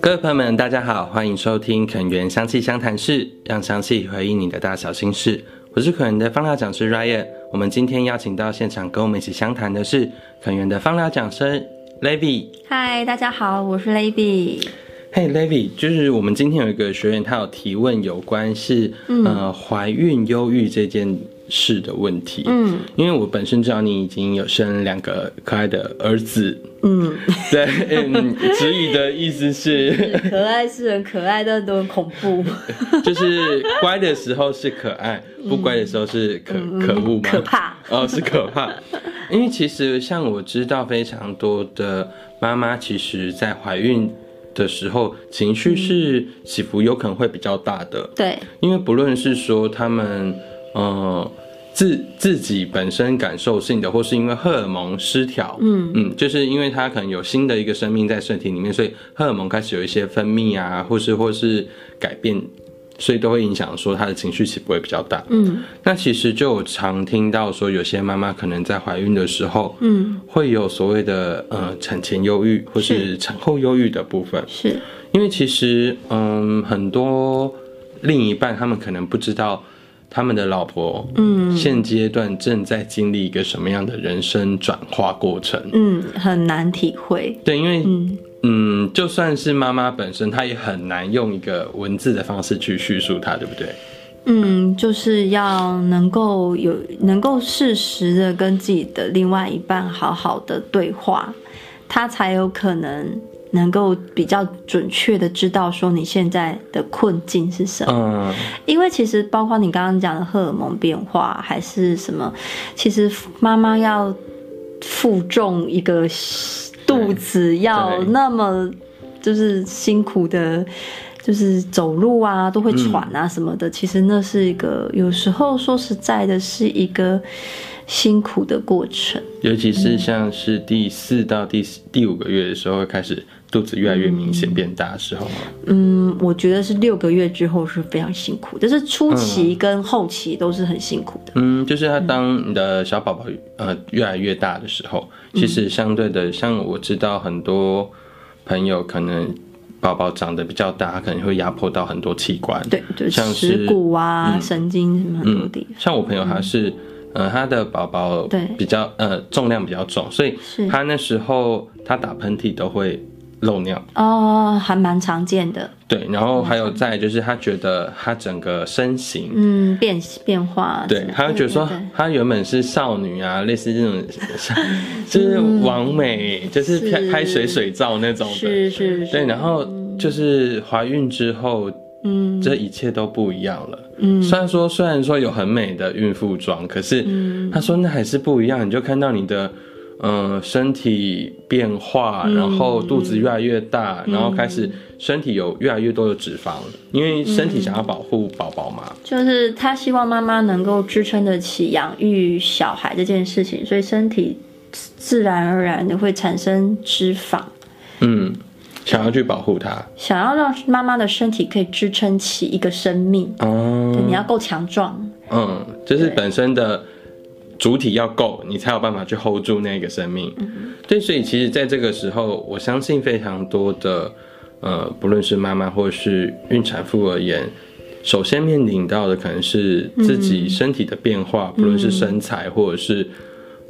各位朋友們，大家好，歡迎收聽《肯園香氣相談室》，讓香氣回應你的大小心事。我是肯園的芳療講師 Ryan。我們今天邀請到現場跟我們一起相談的是肯園的芳療講師 Levi。嗨，大家好，我是 Levi。嘿、hey，Levi，就是我們今天有一個學員，他有提問有關是、嗯、呃懷孕憂鬱這件是的問題，嗯，因為我本身知道你已經有生兩個可愛的兒子，嗯，對，子、欸、宇的意思是，是可愛是很可愛，但都很恐怖，就是乖的時候是可愛，不乖的時候是可、嗯、可惡，可、嗎、可怕哦，是可怕，因為其實像我知道非常多的媽媽，其實在懷孕的時候情緒是起伏有可能會比較大的，嗯、對，因為不論是說他們，嗯、呃。自自己本身感受性的，或是因為荷爾蒙失調，嗯嗯，就是因為他可能有新的一個生命在身體裡面，所以荷爾蒙開始有一些分泌啊，或是或是改變，所以都會影響說他的情緒起伏會比較大，嗯，那其實就常聽到說有些媽媽可能在懷孕的時候，嗯，會有所謂的呃產前憂鬱或是產後憂鬱的部分，是因為其實嗯很多另一半他們可能不知道。他們的老婆，嗯，現階段正在經歷一個什麼樣的人生轉化過程？嗯，很難體會。對，因為，嗯，嗯，就算是媽媽本身，她也很難用一個文字的方式去敘述她，對不對？嗯，就是要能夠有能夠適時的跟自己的另外一半好好的對話，他才有可能。能夠比較準確的知道說，你現在的困境是什麼，因為其實包括你剛剛講的荷爾蒙變化還是什麼，其實媽媽要負重一個肚子，要那麼就是辛苦的，就是走路啊都會喘啊什麼的，其實那是一個有時候說實在的，是一個辛苦的過程，尤其是像是第四到第四第五個月的時候會開始，肚子越來越明顯變大的時候嗎，嗯，我覺得是六個月之後是非常辛苦，但是初期跟後期都是很辛苦的。嗯，嗯，就是他當你的小寶寶、嗯、呃越來越大的時候，其實相對的，像我知道很多朋友可能寶寶長得比較大，可能會壓迫到很多器官，對，像是恥骨啊、是嗯、神經什麼很多地方、嗯。像我朋友他是，呃，他的寶寶對比較對呃重量比較重，所以他那時候他打噴嚏都會。漏尿哦，還蠻常見的。對，然後還有再就是，她覺得她整個身形嗯變變化，對，她覺得說她原本是少女啊，對對對類似這種，就是網美，是就是拍拍水水照那種的，是是是。是是對，然後就是懷孕之後，嗯，這一切都不一樣了。嗯，雖然說雖然說有很美的孕婦裝，可是她說那還是不一樣，你就看到你的。嗯、呃，身體變化，然後肚子越來越大，嗯、然後開始身體有越來越多的脂肪，嗯、因為身體想要保護寶寶嘛。就是他希望媽媽能夠支撐得起養育小孩這件事情，所以身體自然而然的會產生脂肪。嗯，想要去保護他，想要讓媽媽的身體可以支撐起一個生命哦、嗯，你要夠強壯。嗯，這是本身的。主體要夠，你才有辦法去 hold 住那個生命。嗯哼。對，所以其實，在這個時候，我相信非常多的，呃，不論是媽媽或是孕產婦而言，首先面臨到的可能是自己身體的變化，嗯。不論是身材或者是。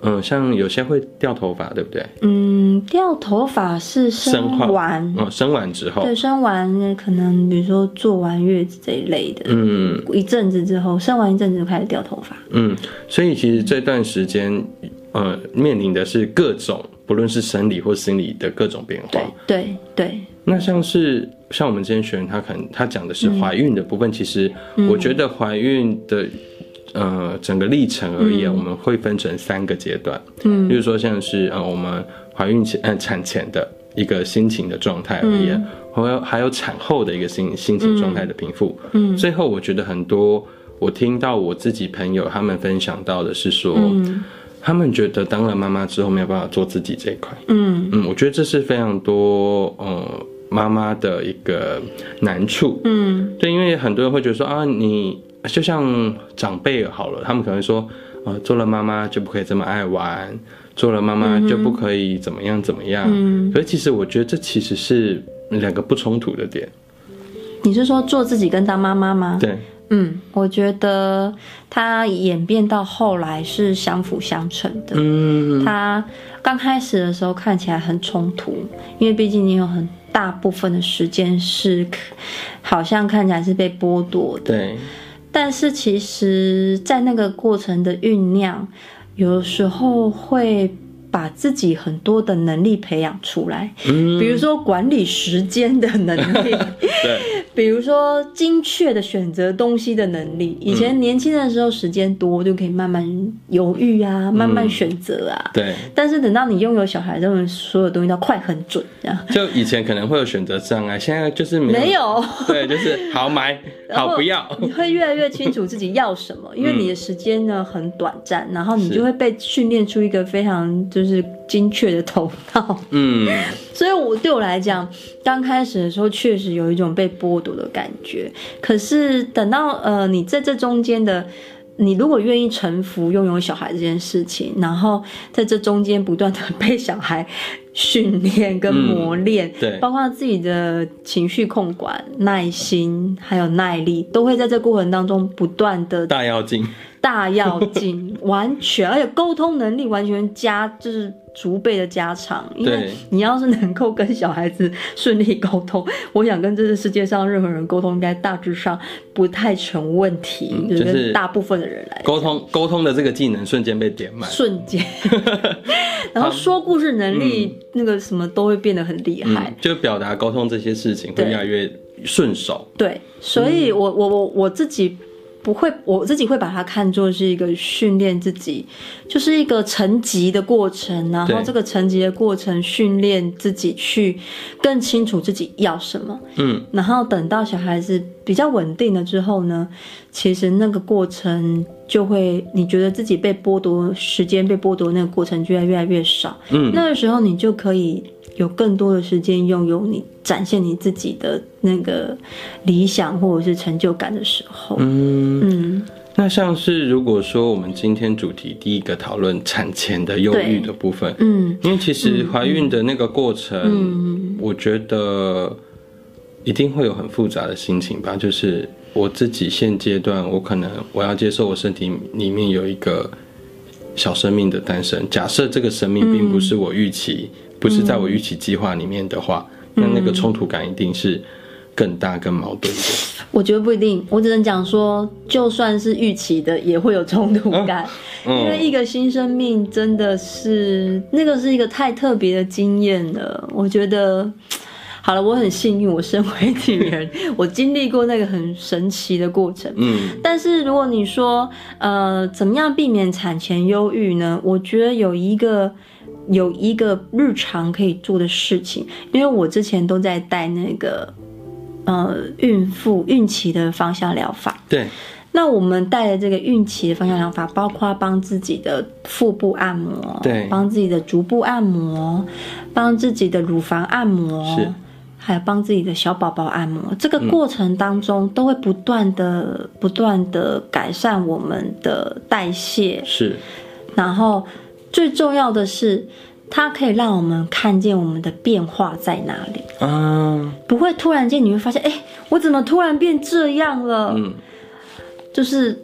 嗯，像有些會掉頭髮，對不對？嗯，掉頭髮是生完,生完，哦，生完之後，對，生完可能比如說坐完月子這一類的，嗯，一陣子之後，生完一陣子就開始掉頭髮。嗯，所以其實這段時間，嗯、呃，面臨的是各種，不論是生理或心理的各種變化。對對。對對那像是像我們之前學員，他可能他講的是懷孕的部分，嗯、其實我覺得懷孕的、嗯。呃，整個歷程而言，嗯、我們會分成三個階段，嗯，就是說像是呃，我們懷孕前、呃、產前的一個心情的狀態而言，嗯、還有還有產後的一個心心情狀態的平復。嗯，嗯，最後我覺得很多，我聽到我自己朋友他們分享到的是說，嗯、他們覺得當了媽媽之後沒有辦法做自己這一塊，嗯嗯，我覺得這是非常多呃、嗯、媽媽的一個難處，嗯，對，因為很多人會覺得說啊，你。就像長輩好了，他們可能說，啊、呃，做了媽媽就不可以這麼愛玩，做了媽媽就不可以怎麼樣怎麼樣。嗯。所以其實我覺得這其實是兩個不衝突的點。你是說做自己跟當媽媽嗎？對，嗯，我覺得它演變到後來是相輔相成的。嗯。它剛開始的時候看起來很衝突，因為畢竟你有很大部分的時間是，好像看起來是被剝奪的。對。但是其實，在那個過程的醞釀，有時候會把自己很多的能力培養出來，比如說管理時間的能力， 對，比如說精確的選擇東西的能力。以前年輕的時候時間多，嗯、就可以慢慢猶豫啊，慢慢選擇啊。嗯、對，但是等到你擁有小孩之後，所有東西都快很準這樣。就以前可能會有選擇障礙，現在就是沒有，沒有 對，就是好買後好不要。你會越來越清楚自己要什麼， 因為你的時間呢很短暫，然後你就會被訓練出一個非常就。是就是精確的頭腦，嗯，所以我對我來講，剛開始的時候確實有一種被剝奪的感覺。可是等到呃，你在這中間的，你如果願意臣服，擁有小孩這件事情，然後在這中間不斷的被小孩訓練跟磨練、嗯，對，包括自己的情緒控管、耐心還有耐力，都會在這過程當中不斷的大躍進。大要勁，完全，而且溝通能力完全加，就是逐倍的加長。因為你要是能夠跟小孩子順利溝通，我想跟這個世界上任何人溝通，應該大致上不太成問題。嗯、就是跟大部分的人來溝通，溝通的這個技能瞬間被點滿，瞬間。 然後說故事能力，嗯、那個什麼都會變得很厲害，嗯、就表達溝通這些事情會越來越順手。對。對，所以我、嗯、我我、我自己，不會，我自己會把它看作是一個訓練自己，就是一個成績的過程。對然後這個成績的過程，訓練自己去更清楚自己要什麼。嗯，然後等到小孩子比較穩定了之後呢，其實那個過程就會，你覺得自己被剝奪時間被剝奪那個過程，就會越來越少。嗯，那個時候你就可以。有更多的時間擁有你，展現你自己的那個理想，或者是成就感的時候。嗯，嗯，那像是如果說我們今天主題第一個討論產前的憂鬱的部分，嗯，因為其實懷孕的那個過程，嗯，嗯，我覺得一定會有很複雜的心情吧。嗯，就是我自己現階段，我可能我要接受我身體裡面有一個小生命的誕生。假設這個生命並不是我預期。嗯不是在我預期計劃裡面的話，嗯、那那個衝突感一定是更大、更矛盾的。我覺得不一定，我只能講說，就算是預期的，也會有衝突感，啊嗯、因為一個新生命真的是那個是一個太特別的經驗了。我覺得，好了，我很幸運，我身為女人， 我經歷過那個很神奇的過程。嗯，但是如果你說，呃，怎麼樣避免產前憂鬱呢？我覺得有一個。有一個日常可以做的事情，因為我之前都在帶那個，呃，孕婦孕期的芳香療法。對，那我們帶的這個孕期的芳香療法，包括幫自己的腹部按摩，對，幫自己的足部按摩，幫自己的乳房按摩，是還有幫自己的小寶寶按摩。這個過程當中都會不斷的、嗯、不斷的改善我們的代謝，是，然後。最重要的是，它可以讓我們看見我們的變化在哪裡。Uh, 不會突然間你會發現，哎、欸，我怎麼突然變這樣了？嗯、就是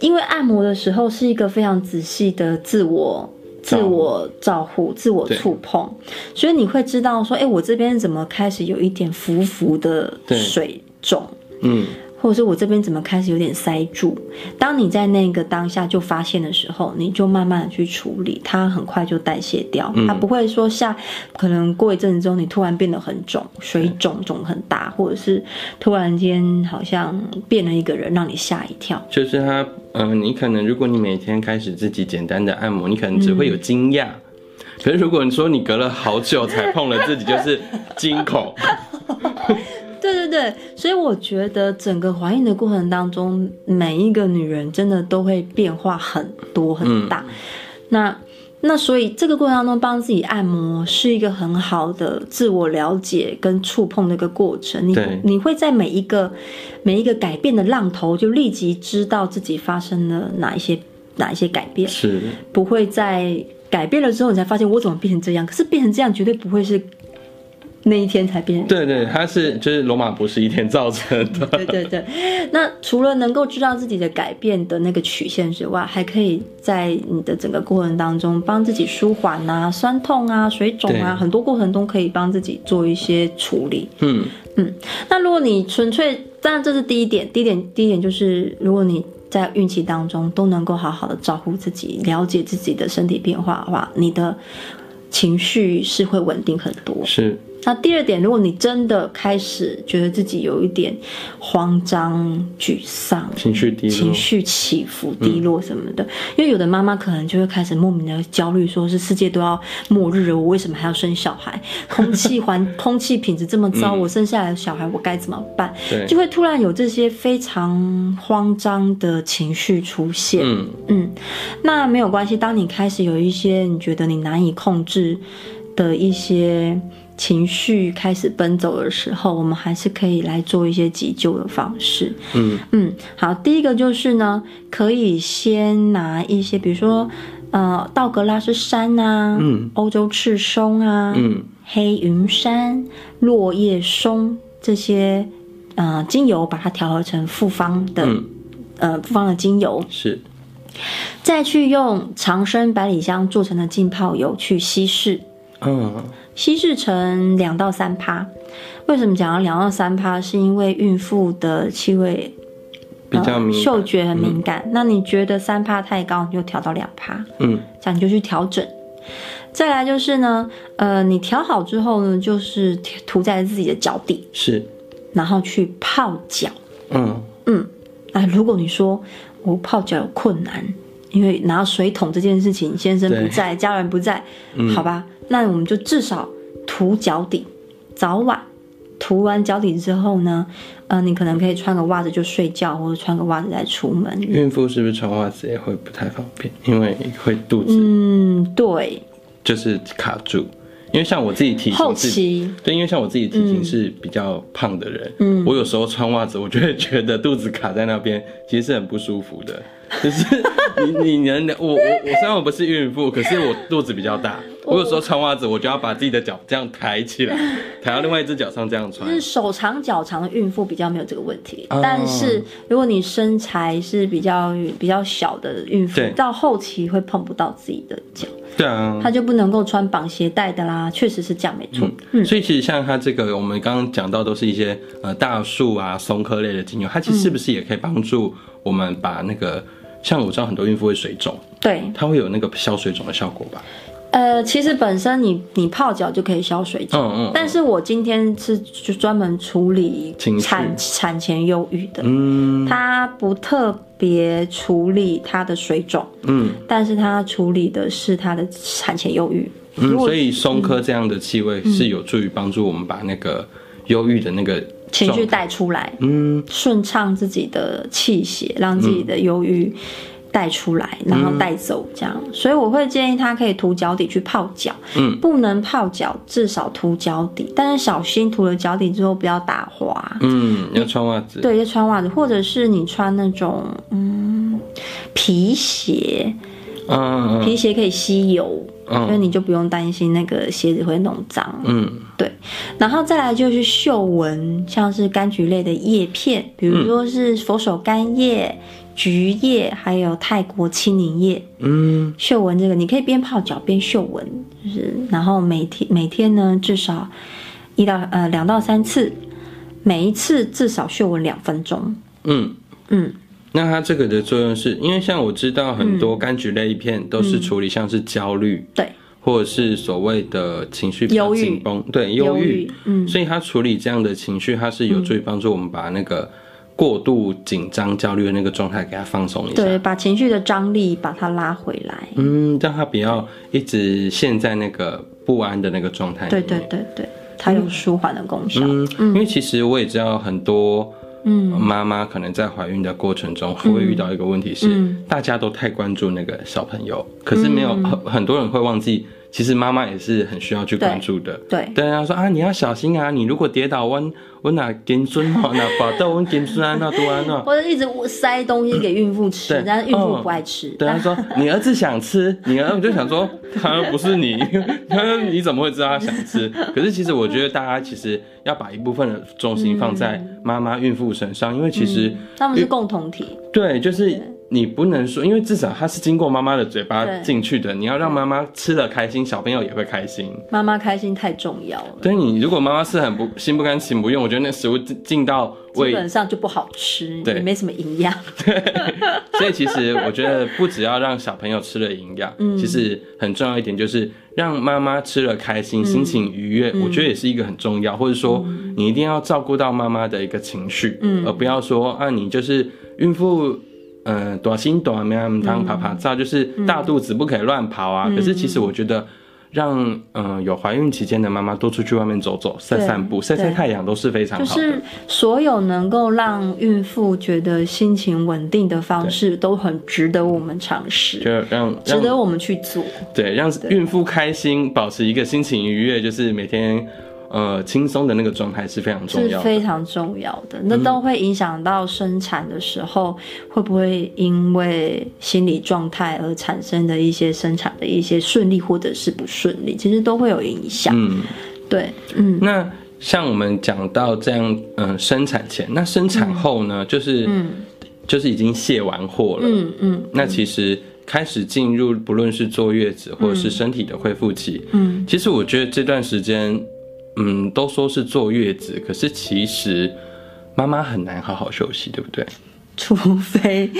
因為按摩的時候是一個非常仔細的自我、顧自我照顧、自我觸碰，對所以你會知道說，哎、欸，我這邊怎麼開始有一點浮浮的水腫？嗯。或者是我這邊怎麼開始有點塞住？當你在那個當下就發現的時候，你就慢慢的去處理，它很快就代謝掉，嗯、它不會說下，可能過一陣子之後，你突然變得很腫，水腫腫很大，或者是突然間好像變了一個人，嗯、讓你嚇一跳。就是它，嗯、呃，你可能如果你每天開始自己簡單的按摩，你可能只會有驚訝，可是、嗯、如果你說你隔了好久才碰了自己，就是驚恐。 對，所以我覺得整個懷孕的過程當中，每一個女人真的都會變化很多很大。嗯、那那所以這個過程當中幫自己按摩是一個很好的自我了解跟觸碰的一個過程。對，你你會在每一個每一個改變的浪頭就立即知道自己發生了哪一些哪一些改變，是不會在改變了之後你才發現我怎麼變成這樣。可是變成這樣絕對不會是。那一天才變成。對，對對，它是就是羅馬不是一天造成的。 對對對，那除了能夠知道自己的改變的那個曲線之外，還可以在你的整個過程當中幫自己舒緩啊、痠痛啊、水腫啊，對很多過程都可以幫自己做一些處理。嗯嗯，那如果你純粹，當然這是第一點，第一點第一點就是，如果你在孕期當中都能夠好好的照顧自己，了解自己的身體變化的話，你的情緒是會穩定很多。是。那第二點，如果你真的開始覺得自己有一點慌張、沮喪、情緒低落、情緒起伏低落什麼的，嗯、因為有的媽媽可能就會開始莫名的焦慮，說是世界都要末日了，我為什麼還要生小孩？空氣環、 空氣品質這麼糟，嗯、我生下來的小孩我該怎麼辦？對，就會突然有這些非常慌張的情緒出現。嗯嗯，那沒有關係，當你開始有一些你覺得你難以控制的一些。情緒開始奔走的時候，我們還是可以來做一些急救的方式。嗯嗯，好，第一個就是呢，可以先拿一些，比如說，呃，道格拉斯杉啊，嗯，歐洲赤松啊，嗯，黑雲杉、落葉松這些，呃，精油把它調和成複方的，嗯、呃，複方的精油是，再去用長生百里香做成的浸泡油去稀釋。嗯，稀釋成兩到三趴。為什麼講到兩到三趴？是因為孕婦的氣味比較敏感，呃，嗅覺很敏感。嗯、那你覺得三趴太高，你就調到兩趴。嗯，這樣你就去調整。再來就是呢，呃，你調好之後呢，就是塗在自己的腳底。是，然後去泡腳。嗯嗯，那如果你說我泡腳有困難，因為拿水桶這件事情，先生不在，對家人不在，嗯、好吧？那我們就至少塗腳底，早晚塗完腳底之後呢，呃，你可能可以穿個襪子就睡覺，或者穿個襪子再出門。孕婦是不是穿襪子也會不太方便？因為會肚子。嗯，對。就是卡住，因為像我自己體型後期，自己，對，因為像我自己體型是比較胖的人，嗯，我有時候穿襪子，我就會覺得肚子卡在那邊，其實是很不舒服的。可、就是你你能， 我我我雖然我不是孕婦，可是我肚子比較大。我有時候穿襪子，我就要把自己的腳這樣抬起來，抬到另外一隻腳上這樣穿。 就是手長腳長的孕婦比較沒有這個問題，嗯、但是如果你身材是比較比較小的孕婦，對到後期會碰不到自己的腳，對啊，他就不能夠穿綁鞋帶的啦，確實是這樣沒錯。嗯，所以其實像它這個，我們剛剛講到都是一些呃大樹啊松科類的精油，它其實是不是也可以幫助我們把那個、嗯、像我知道很多孕婦會水腫，對，它會有那個消水腫的效果吧？呃，其實本身你你泡腳就可以消水腫，嗯嗯，但是我今天是就專門處理緒產產前憂鬱的，嗯，它不特別處理它的水腫，嗯，但是它處理的是它的產前憂鬱。嗯，果所以松科這樣的氣味是有助於幫助我們把那個憂鬱的那個情緒帶出來，嗯，順暢自己的氣血，讓自己的憂鬱。嗯帶出來，然後帶走，這樣，嗯、所以我會建議他可以塗腳底去泡腳，嗯，不能泡腳，至少塗腳底，但是小心塗了腳底之後不要打滑，嗯，要穿襪子，對，要穿襪子，或者是你穿那種嗯皮鞋，啊啊啊皮鞋可以吸油，所以、啊、你就不用擔心那個鞋子會弄髒，嗯，對，然後再來就是嗅聞，像是柑橘類的葉片，比如說是佛手柑葉。橘葉還有泰國青檸葉，嗯，嗅聞這個你可以邊泡腳邊嗅聞，就是然後每天每天呢至少一到呃兩到三次，每一次至少嗅聞兩分鐘。嗯嗯，嗯那它這個的作用是因為像我知道很多柑橘類一片都是處理像是焦慮，對，嗯嗯、或者是所謂的情緒緊繃，對，憂鬱，嗯，所以它處理這樣的情緒，它是有助於幫助我們把那個。過度緊張、焦慮的那個狀態，給他放鬆一下，對，把情緒的張力把他拉回來，嗯，讓他不要一直陷在那個不安的那個狀態。對對對對，它有舒緩的功效。嗯，嗯，因為其實我也知道很多，嗯，媽媽可能在懷孕的過程中，會遇到一個問題是，大家都太關注那個小朋友，可是沒有很很多人會忘記。其實媽媽也是很需要去關注的。對對，人家說啊，你要小心啊！你如果跌倒，彎彎哪根筋，彎哪把刀，彎根筋啊，多斷哪。或者一直塞東西給孕婦吃，但是孕婦不愛吃。對他說：“你兒子想吃，你兒子就想說，他又不是你，他，你怎麼會知道他想吃？可是其實我覺得，大家其實要把一部分的重心放在媽媽、孕婦身上，因為其實他們是共同體。對，就是。你不能說，因為至少它是經過媽媽的嘴巴進去的。對你要讓媽媽吃了開心，嗯、小朋友也會開心。媽媽開心太重要了。對，你如果媽媽是很不心不甘情不願，我覺得那食物進到胃基本上就不好吃，也對沒什麼營養。對，所以其實我覺得不只要讓小朋友吃了營養，嗯，其實很重要一點就是讓媽媽吃了開心，嗯、心情愉悅，嗯、我覺得也是一個很重要，或者說你一定要照顧到媽媽的一個情緒，嗯，而不要說啊，你就是孕婦。嗯，多心多沒辦法爬爬山，就是大肚子不可以亂跑啊。嗯、可是其實我覺得讓，讓、呃、嗯有懷孕期間的媽媽多出去外面走走、散散步、曬曬太陽都是非常好的。就是所有能夠讓孕婦覺得心情穩定的方式，都很值得我們嘗試。就讓，讓值得我們去做。對，讓孕婦開心，對保持一個心情愉悅，就是每天。呃，輕鬆的那個狀態是非常重要的，是非常重要的。那都會影響到生產的時候，嗯、會不會因為心理狀態而產生的一些生產的一些順利或者是不順利，其實都會有影響。嗯，對，嗯。那像我們講到這樣，嗯、呃，生產前，那生產後呢？嗯、就是，嗯，就是已經卸完貨了。嗯嗯。嗯，那其實開始進入，不論是坐月子或者是身體的恢復期，嗯，其實我覺得這段時間。嗯，都說是坐月子，可是其實媽媽很難好好休息，對不對？除非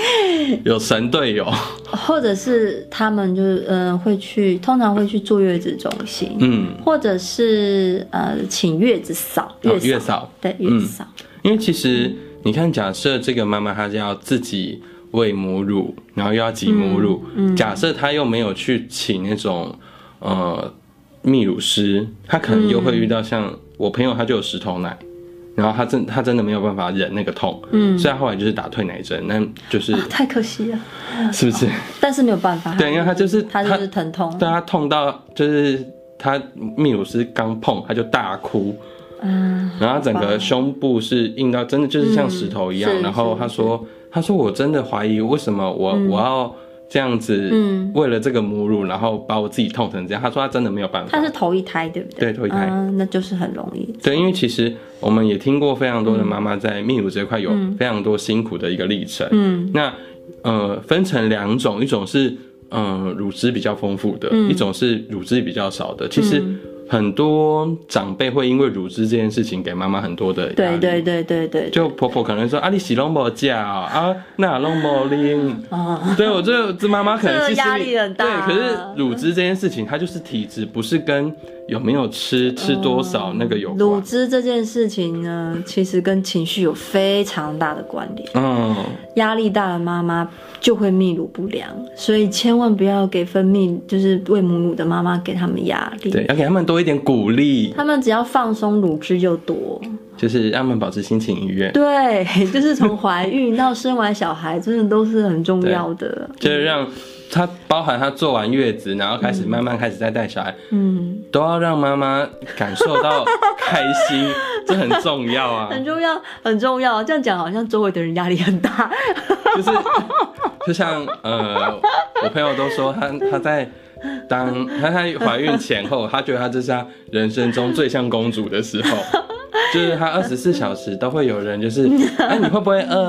有神隊友，或者是他們就是嗯、呃、會去，通常會去坐月子中心，嗯，或者是呃請月子嫂，月嫂，哦、月嫂對，月嫂、嗯。因為其實你看，假設這個媽媽她是要自己餵母乳，然後又要擠母乳，嗯嗯、假設她又沒有去請那種呃。泌乳師，他可能又會遇到像我朋友，他就有石頭奶，然後他真他真的沒有辦法忍那個痛，嗯，所以後來就是打退奶針，那就是太可惜了，是不是？但是沒有辦法，對，因為他就是他就是疼痛，但他痛到就是他泌乳師剛碰他就大哭，嗯，然後整個胸部是硬到真的就是像石頭一樣，然後他說他說，我真的懷疑為什麼我我要。這樣子，嗯，為了這個母乳，然後把我自己痛成這樣，她說她真的沒有辦法。她是頭一胎，對不對？對，頭一胎。嗯，那就是很容易。對，因為其實我們也聽過非常多的媽媽在泌乳這一塊有非常多辛苦的一個歷程。嗯，那呃，分成兩種，一種是呃乳汁比較豐富的，嗯、一種是乳汁比較少的。其實。嗯很多長輩會因為乳汁這件事情給媽媽很多的壓力，對對對對對，對，就婆婆可能說：“對對對對啊，你洗那麼多啊，那那麼拎。”啊，嗯、對，我這這媽媽可能壓力很大。對，可是乳汁這件事情，它就是體質，不是跟有沒有吃、吃多少那個有關、嗯。乳汁這件事情呢，其實跟情緒有非常大的關聯。嗯，壓力大的媽媽。就會泌乳不良，所以千萬不要給分泌就是餵母乳的媽媽給他們壓力。對，要、okay, 給他們多一點鼓勵。他們只要放鬆，乳汁就多。就是讓他們保持心情愉悅。對，就是從懷孕到生完小孩， 真的都是很重要的。就是讓、嗯、他包含他坐完月子，然後開始慢慢開始再帶小孩，嗯，都要讓媽媽感受到開心，這 很重要啊。很重要，很重要。這樣講好像周圍的人壓力很大。就是。 就像呃，我朋友都說她她在當她她懷孕前後，她覺得她這是她人生中最像公主的時候，就是她二十四小時都會有人，就是啊，你會不會餓？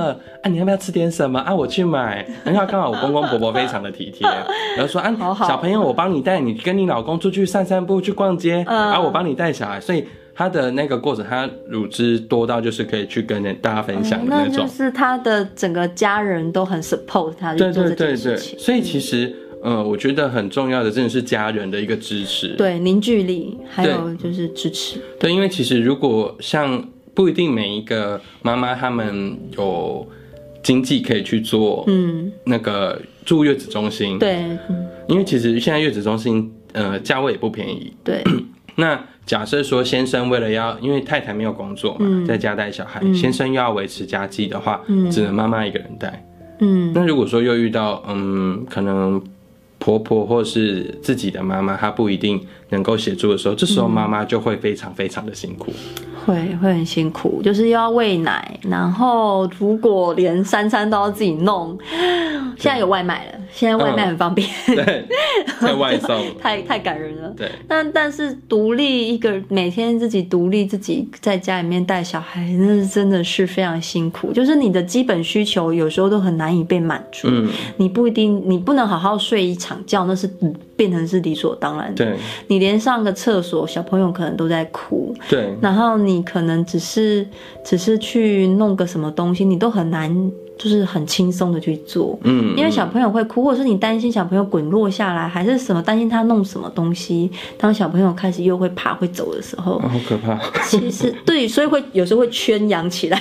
啊，你要不要吃點什麼？啊，我去買。然後剛好我公公婆，婆婆非常的體貼，然後說啊，小朋友，我幫你帶你，你跟你老公出去散散步，去逛街，啊，我幫你帶小孩，所以。他的那個過程，他乳汁多到就是可以去跟大家分享的那種。嗯、那就是他的整個家人都很 support 他去做這件事情。對對、對、對，所以其實，嗯、呃，我覺得很重要的真的是家人的一個支持，對，凝聚力，還有就是支持。對、對、對，因為其實如果像不一定每一個媽媽她們有經濟可以去做，嗯，那個住月子中心，對，因為其實現在月子中心，呃，價位也不便宜，對。那假設說先生為了要，因為太太沒有工作嘛，嗯、在家帶小孩，嗯、先生又要維持家計的話，嗯、只能媽媽一個人帶。嗯，那如果說又遇到嗯，可能婆婆或是自己的媽媽，她不一定能夠協助的時候，這時候媽媽就會非常非常的辛苦。嗯會會很辛苦，就是又要餵奶，然後如果連三餐都要自己弄，對現在有外賣了，嗯、現在外賣很方便。對，在外送，太太感人了。對，但但是獨立一個每天自己獨立自己在家裡面帶小孩，那是真的是非常辛苦，就是你的基本需求有時候都很難以被滿足。嗯、你不一定你不能好好睡一場覺，那是。變成是理所當然的，對你連上個廁所，小朋友可能都在哭，對然後你可能只是只是去弄個什麼東西，你都很難。就是很輕鬆的去做，嗯，因為小朋友會哭，或者是你擔心小朋友滾落下來，還是什麼擔心他弄什麼東西。當小朋友開始又會爬會走的時候，哦、好可怕。其實對，所以會有時候會圈養起來，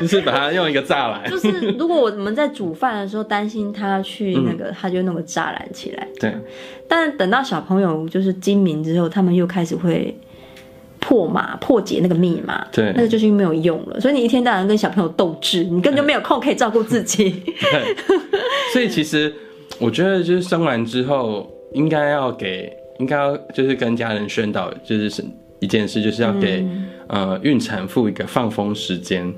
就是、嗯、 把它用一個柵欄。就是如果我們在煮飯的時候擔心他去那個，嗯、他就弄個柵欄起來。對，但等到小朋友就是精明之後，他們又開始會。破碼破解那個密碼，對，那個就是沒有用了。所以你一天到晚跟小朋友鬥智，你根本就沒有空可以照顧自己。欸 對。所以其實我覺得，就是生完之後，應該要給，應該要就是跟家人宣導，就是一件事，就是要給、嗯呃、孕產婦一個放風時間。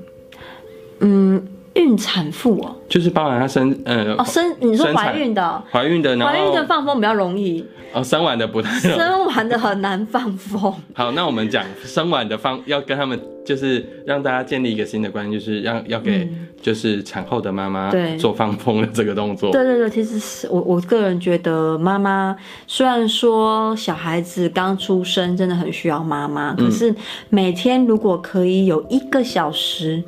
嗯。孕產婦哦、喔，就是包含她生，呃，哦，生你說懷孕的、哦，懷孕的，懷孕的放風比較容易，哦，生完的不太，生完的很難放風。 好，那我們講生完的放，要跟他們就是讓大家建立一個新的關係，就是讓要，要給就是產後的媽媽做放風的這個動作。嗯、對，對對對，其實是我我個人覺得，媽媽雖然說小孩子剛出生真的很需要媽媽，嗯、可是每天如果可以有一個小時，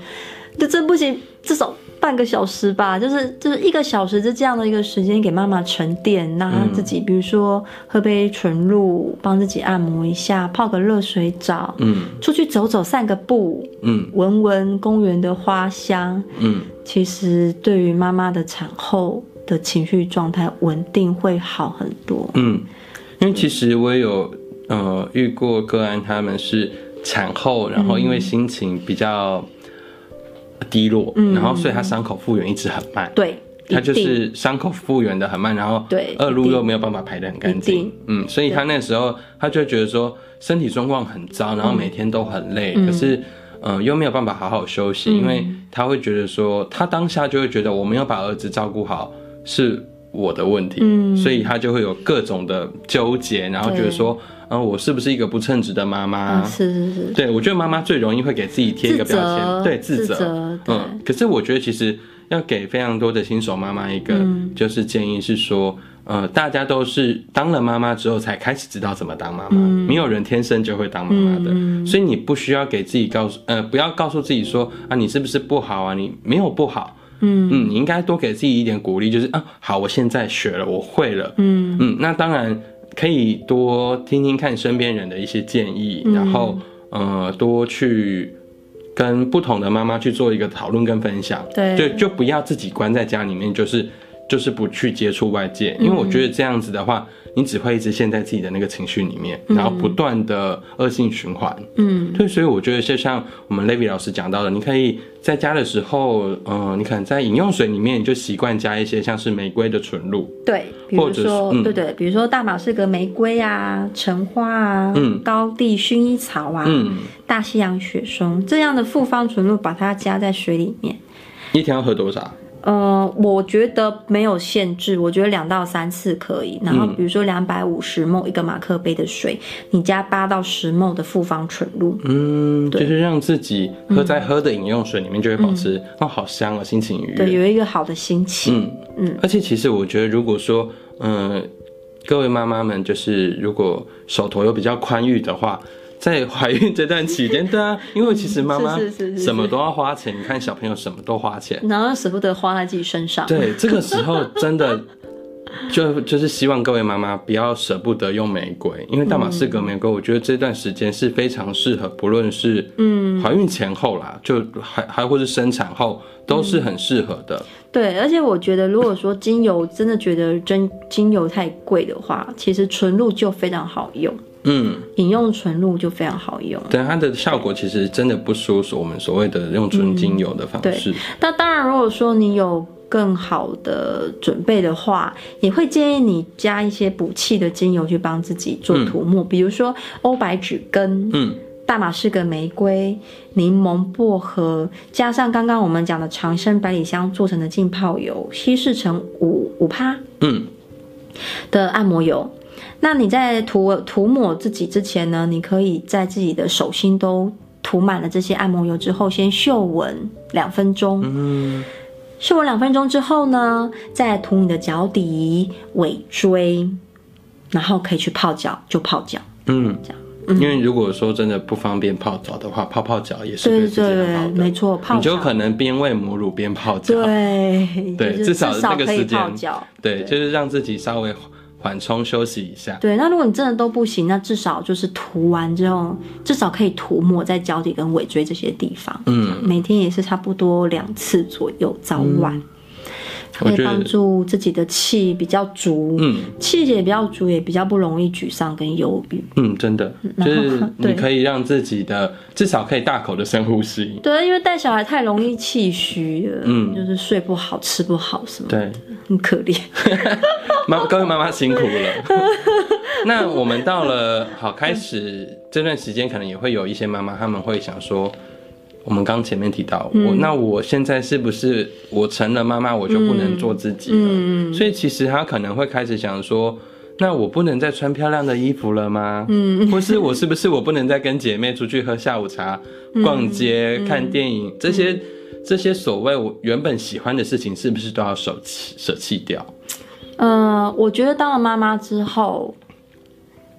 就真不行。至少半個小時吧，就是就是一個小時，就這樣的一個時間給媽媽沉澱，讓自己比如說喝杯純露，幫自己按摩一下，泡個熱水澡，嗯，出去走走，散個步，嗯，聞聞公園的花香，嗯，其實對於媽媽的產後的情緒狀態穩定會好很多，嗯，因為其實我也有呃遇過個案，他們是產後，然後因為心情比較。低落，嗯、然後所以他傷口復原一直很慢。對，他就是傷口復原的很慢，然後惡露又沒有辦法排的很乾淨。嗯，所以他那時候對他就覺得說身體狀況很糟，然後每天都很累，嗯、可是嗯、呃、又沒有辦法好好休息，嗯、因為他會覺得說他當下就會覺得我沒有把兒子照顧好是我的問題，嗯、所以他就會有各種的糾結，然後覺得說，啊對、呃，我是不是一個不稱職的媽媽啊？是是是，對我覺得媽媽最容易會給自己貼一個標籤，責對，自責，嗯。對可是我覺得其實要給非常多的新手媽媽一個就是建議是說，嗯、呃，大家都是當了媽媽之後才開始知道怎麼當媽媽，嗯、沒有人天生就會當媽媽的，嗯、所以你不需要給自己告訴，呃，不要告訴自己說，啊，你是不是不好啊？你沒有不好。嗯嗯，你應該多給自己一點鼓勵，就是啊，好，我現在學了，我會了。嗯嗯，那當然可以多聽聽看身邊人的一些建議，嗯、然後呃，多去跟不同的媽媽去做一個討論跟分享。對，就不要自己關在家裡面，就是。就是不去接觸外界，因為我覺得這樣子的話，嗯、你只會一直陷在自己的那個情緒裡面，嗯、然後不斷的惡性循環。嗯，對，所以我覺得就像我們 Levi 老師講到的，你可以在家的時候，嗯、呃，你可能在飲用水裡面就習慣加一些像是玫瑰的純露，對，比如或者說，嗯、對對，比如說大馬士革玫瑰啊、橙花啊、嗯、高地薰衣草啊、嗯、大西洋雪松這樣的複方純露，把它加在水裡面。一天要喝多少？嗯、呃，我覺得沒有限制，我覺得兩到三次可以。然後比如說兩百五十 ml 一個馬克杯的水，嗯、你加八到十 ml 的複方純露，嗯，對就是讓自己喝在喝的飲用水裡面，就會保持、嗯、哦，好香啊，心情愉悅。對，有一個好的心情。嗯嗯。嗯而且其實我覺得，如果說嗯，各位媽媽們就是如果手頭有比較寬裕的話。在懷孕這段期間，對啊，是是，因為其實媽媽什麼都要花錢，是是是是，你看小朋友什麼都花錢，然後捨不得花在自己身上。對，這個時候真的就 就，就是希望各位媽媽不要捨不得用玫瑰，因為大馬士革玫瑰，我覺得這段時間是非常適合，不論是嗯懷孕前後啦，就還還或是生產後都是很適合的，嗯。對，而且我覺得如果說精油 真的覺得真精，精油太貴的話，其實純露就非常好用。嗯，飲用純露就非常好用。對，它的效果其實真的不輸所我們所謂的用純精油的方式。嗯、對，那當然，如果說你有更好的準備的話，也會建議你加一些補氣的精油去幫自己做塗抹，嗯、比如說歐白芷根，嗯，大馬士革玫瑰、檸檬薄荷，加上剛剛我們講的長生百里香做成的浸泡油，稀釋成五五趴，嗯，的按摩油。那你在塗塗抹自己之前呢，你可以在自己的手心都塗滿了這些按摩油之後，先嗅聞兩分鐘。嗯，嗅聞兩分鐘之後呢，再塗你的腳底尾椎，然後可以去泡腳，就泡腳、嗯。嗯，這樣。因為如果說真的不方便泡澡的話，泡泡腳也是對的。對對，對沒錯，泡腳。你就可能邊餵母乳邊泡腳。對對，就是至少那個時間。可以泡腳。對，就是讓自己稍微。緩衝休息一下。對，那如果你真的都不行，那至少就是塗完之後，至少可以塗抹在腳底跟尾椎這些地方。嗯，每天也是差不多兩次左右，早晚。嗯可以幫助自己的氣比較足，嗯，氣也比較足，也比較不容易沮喪跟憂鬱。嗯，真的，後就是你可以讓自己的對至少可以大口的深呼吸。對，因為帶小孩太容易氣虛了，嗯，就是睡不好、吃不好什麼的，對，很可憐。媽， 各位媽媽辛苦了。 那我們到了好開始這段時間，可能也會有一些媽媽，他們會想說。我們剛前面提到、嗯、我，那我現在是不是我成了媽媽，我就不能做自己了？嗯嗯、所以其實他可能會開始想說，那我不能再穿漂亮的衣服了嗎？嗯，或是我是不是我不能再跟姐妹出去喝下午茶、逛街，嗯、看電影、嗯嗯、這些這些所謂我原本喜歡的事情，是不是都要捨棄捨棄掉？呃，我覺得當了媽媽之後。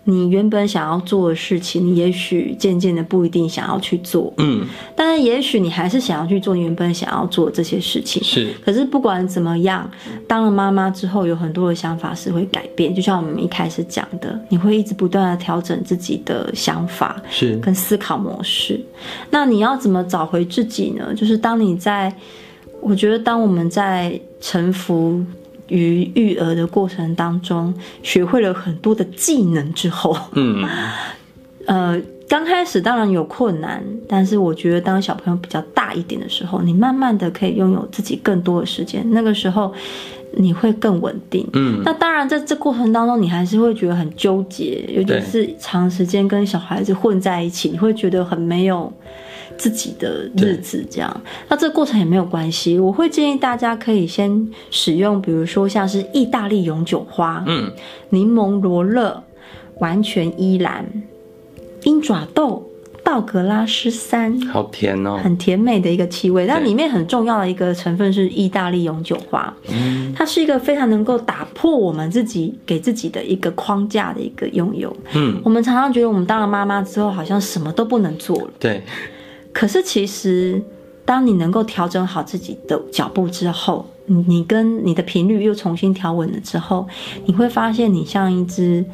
你原本想要做的事情，你也許漸漸的不一定想要去做，嗯，但是也許你還是想要去做你原本想要做這些事情，是。可是不管怎麼樣，當了媽媽之後，有很多的想法是會改變。就像我們一開始講的，你會一直不斷的調整自己的想法，是跟思考模式。是那你要怎麼找回自己呢？就是當你在，我覺得當我們在臣服。於育兒的過程當中，學會了很多的技能之後，嗯，呃，剛開始當然有困難，但是我覺得當小朋友比較大一點的時候，你慢慢的可以擁有自己更多的時間，那個時候你會更穩定。嗯，那當然在這過程當中，你還是會覺得很糾結，尤其是長時間跟小孩子混在一起，對你會覺得很沒有。自己的日子這樣，對那這個過程也沒有關係。我會建議大家可以先使用，比如說像是意大利永久花、嗯、檸檬羅勒、完全依蘭、鷹爪豆、道格拉斯杉，好甜哦，很甜美的一個氣味。對但裡面很重要的一個成分是意大利永久花，嗯、它是一個非常能夠打破我們自己給自己的一個框架的一個用油。嗯，我們常常覺得我們當了媽媽之後，好像什麼都不能做。對。可是，其實，當你能夠調整好自己的腳步之後，你跟你的頻率又重新調穩了之後，你會發現，你像一隻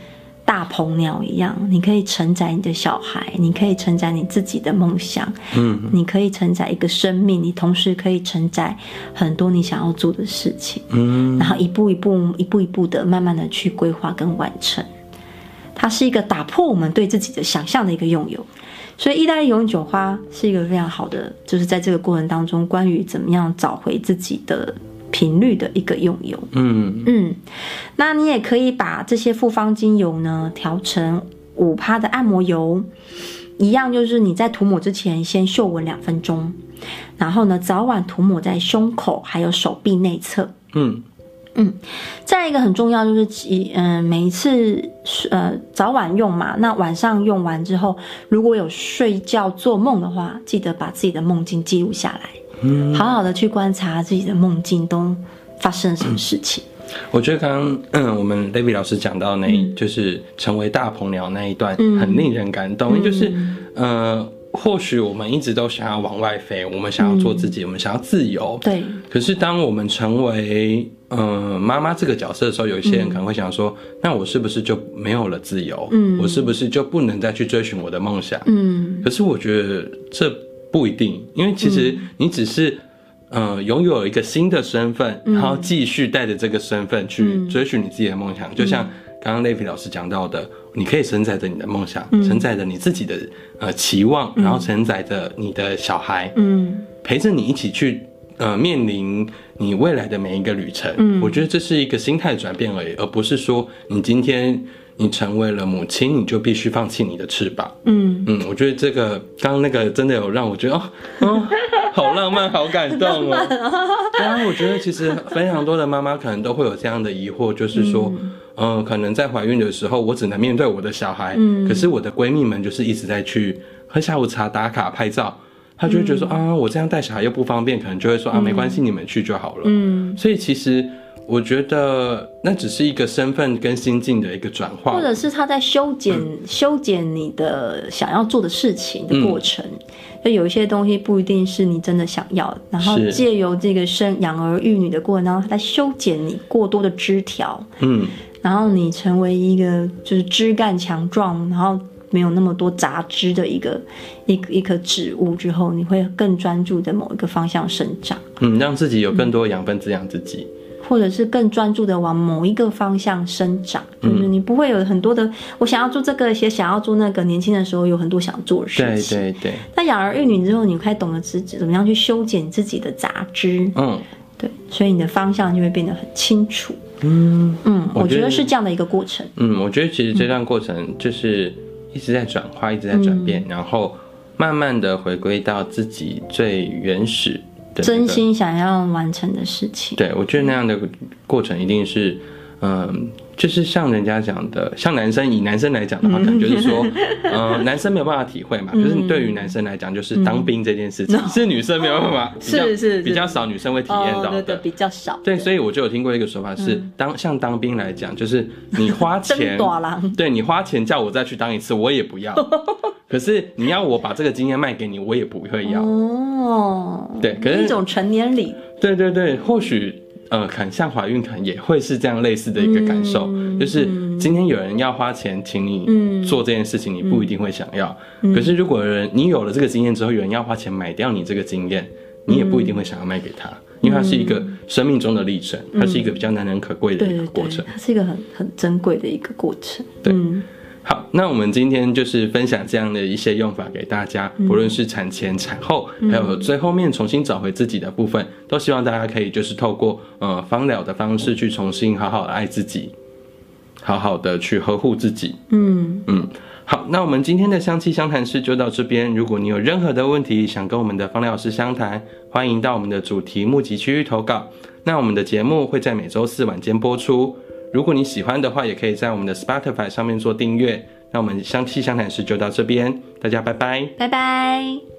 大鵬鳥一樣，你可以承載你的小孩，你可以承載你自己的夢想，嗯、你可以承載一個生命，你同時可以承載很多你想要做的事情，嗯、然後一步一步、一步一步的，慢慢的去規劃跟完成，它是一個打破我們對自己的想象的一個擁有。所以意大利永久花是一個非常好的，就是在這個過程當中，關於怎麼樣找回自己的頻率的一個用油。嗯嗯，那你也可以把這些複方精油呢調成五趴的按摩油，一樣就是你在塗抹之前先嗅聞兩分鐘，然後呢早晚塗抹在胸口還有手臂內側。嗯。嗯，再一個很重要就是，嗯，呃，每一次呃早晚用嘛，那晚上用完之後，如果有睡覺做夢的話，記得把自己的夢境記錄下來，嗯，好好的去觀察自己的夢境都發生什麼事情。我覺得剛剛嗯，我們 Levi 老師講到那，嗯，就是成為大鵬鳥那一段，很令人感動，嗯，就是呃。或許我們一直都想要往外飛，我們想要做自己，嗯、我們想要自由。對。可是當我們成為嗯媽媽這個角色的時候，有一些人可能會想說：“嗯、那我是不是就沒有了自由？嗯，我是不是就不能再去追尋我的夢想？”嗯。可是我覺得這不一定，因為其實你只是嗯、呃、擁有一個新的身份，然後繼續帶着這個身份去追尋你自己的夢想，嗯、就像。剛剛 Levi 老師講到的，你可以承載着你的夢想，承載着你自己的呃期望，嗯、然後承載着你的小孩，嗯，陪着你一起去呃面臨你未來的每一個旅程。嗯、我覺得這是一個心態轉變而已，而不是說你今天你成為了母親，你就必須放棄你的翅膀。嗯嗯，我覺得這個剛，剛那個真的有讓我覺得哦，哦，好浪漫，好感動、哦。哦、對啊，我覺得其實非常多的媽媽可能都會有這樣的疑惑，就是說。嗯。嗯，可能在懷孕的時候，我只能面對我的小孩。嗯。可是我的閨蜜們就是一直在去喝下午茶、打卡、拍照。她就會覺得說、嗯、啊，我這樣帶小孩又不方便，可能就會說、嗯、啊，沒關係，你們去就好了。嗯。所以其實我覺得那只是一個身份跟心境的一個轉化，或者是她在修剪、嗯、修剪你的想要做的事情的過程。嗯。有一些東西不一定是你真的想要，然後借由這個生養是兒育女的過程，然後他在修剪你過多的枝條。嗯。然後你成為一個就是枝幹強壯，然後沒有那麼多雜枝的一個一一棵植物之後，你會更專注的某一個方向生長。嗯，讓自己有更多養分滋養自己，或者是更專注的往某一個方向生長，就是你不會有很多的、嗯、我想要做這個，也想要做那個。年輕的時候有很多想做的事情。對對對。那養兒育女之後，你開始懂得自己怎麼樣去修剪自己的雜枝。嗯，對。所以你的方向就會變得很清楚。嗯嗯，我覺，我覺得是這樣的一個過程。嗯，我覺得其實這段過程就是一直在轉化，嗯、一直在轉變，然後慢慢的回歸到自己最原始的、那個、的真心想要完成的事情。對，我覺得那樣的過程一定是，嗯。嗯就是像人家講的，像男生以男生來講的話，可能就是說，呃男生沒有辦法體會嘛。嗯。可是對於男生來講，就是當兵這件事情是女生沒有辦法，是是比較少女生會體驗到的，比較少。對，所以我就有聽過一個說法是，當像當兵來講，就是你花錢，對，你花錢叫我再去當一次，我也不要。可是你要我把這個經驗賣給你，我也不會要。哦。對，可是一種成年禮。對對對，或許。呃，肯像懷孕，肯也會是這樣類似的一個感受。嗯、就是今天有人要花錢請你做這件事情，嗯、你不一定會想要。嗯、可是如果人你有了這個經驗之後，有人要花錢買掉你這個經驗，你也不一定會想要賣給他，嗯、因為它是一個生命中的歷程，嗯、它是一個比較難能可貴的一個過程，對對對，它是一個很很珍貴的一個過程。對。嗯好，那我們今天就是分享這樣的一些用法給大家，不論是產前、產後，還有最後面重新找回自己的部分，嗯、都希望大家可以就是透過呃芳療的方式去重新好好的愛自己，好好的去呵護自己。嗯嗯，好，那我們今天的香氣相談室就到這邊。如果你有任何的問題想跟我們的芳療師相談，歡迎到我們的主題募集區域投稿。那我們的節目會在每週四晚間播出。如果你喜歡的話，也可以在我們的 Spotify 上面做訂閱。那我們香氣相談室就到這邊，大家拜拜，拜拜。